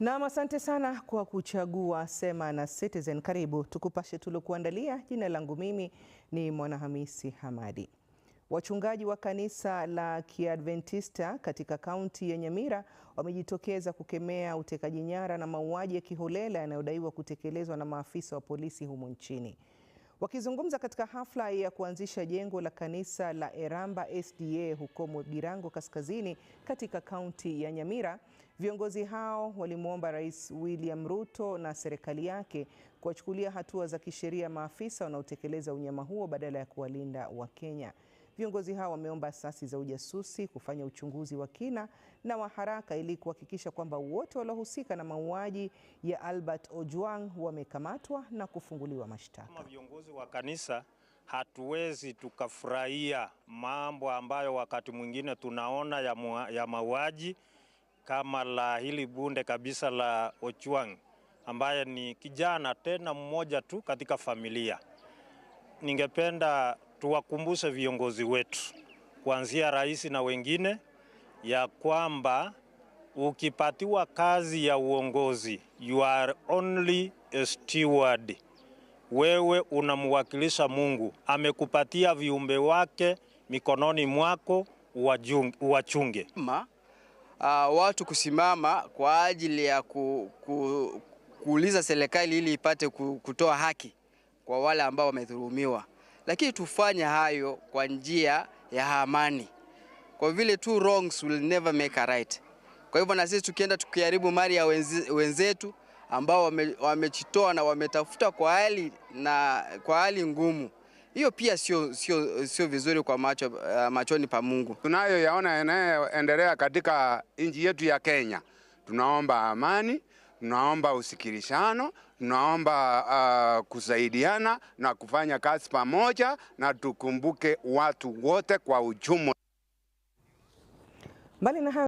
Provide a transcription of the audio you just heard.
Nam, asante sana kwa kuchagua Sema na Citizen. Karibu tukupashe tulokuandalia Jina langu mimi ni Mwanahamisi Hamadi. Wachungaji wa kanisa la Kiadventista katika kaunti ya Nyamira wamejitokeza kukemea utekaji nyara na mauaji ya kiholela yanayodaiwa kutekelezwa na maafisa wa polisi humu nchini. Wakizungumza katika hafla ya kuanzisha jengo la kanisa la Eramba SDA huko Mwigirango Kaskazini katika kaunti ya Nyamira, viongozi hao walimwomba Rais William Ruto na serikali yake kuwachukulia hatua za kisheria maafisa wanaotekeleza unyama huo badala ya kuwalinda Wakenya. Viongozi hao wameomba asasi za ujasusi kufanya uchunguzi wa kina na wa haraka ili kuhakikisha kwamba wote waliohusika na mauaji ya Albert Ojwang wamekamatwa na kufunguliwa mashtaka. Kama viongozi wa kanisa hatuwezi tukafurahia mambo ambayo wakati mwingine tunaona ya, ya mauaji kama la hili bunde kabisa la Ojwang ambaye ni kijana tena mmoja tu katika familia. Ningependa tuwakumbushe viongozi wetu kuanzia rais na wengine ya kwamba ukipatiwa kazi ya uongozi, you are only a steward. Wewe unamwakilisha Mungu, amekupatia viumbe wake mikononi mwako, uwachunge. Ma, uh, watu kusimama kwa ajili ya ku, ku, kuuliza serikali ili ipate kutoa haki kwa wale ambao wamedhulumiwa lakini tufanye hayo kwa njia ya amani, kwa vile two wrongs will never make a right. Kwa hivyo na sisi tukienda tukiharibu mali ya wenzetu ambao wame, wamejitoa na wametafuta kwa hali na kwa hali ngumu, hiyo pia sio, sio, sio vizuri kwa macho, uh, machoni pa Mungu. Tunayoyaona yanayoendelea katika nchi yetu ya Kenya, tunaomba amani tunaomba usikilishano, tunaomba uh, kusaidiana na kufanya kazi pamoja, na tukumbuke watu wote kwa ujumla. Mbali na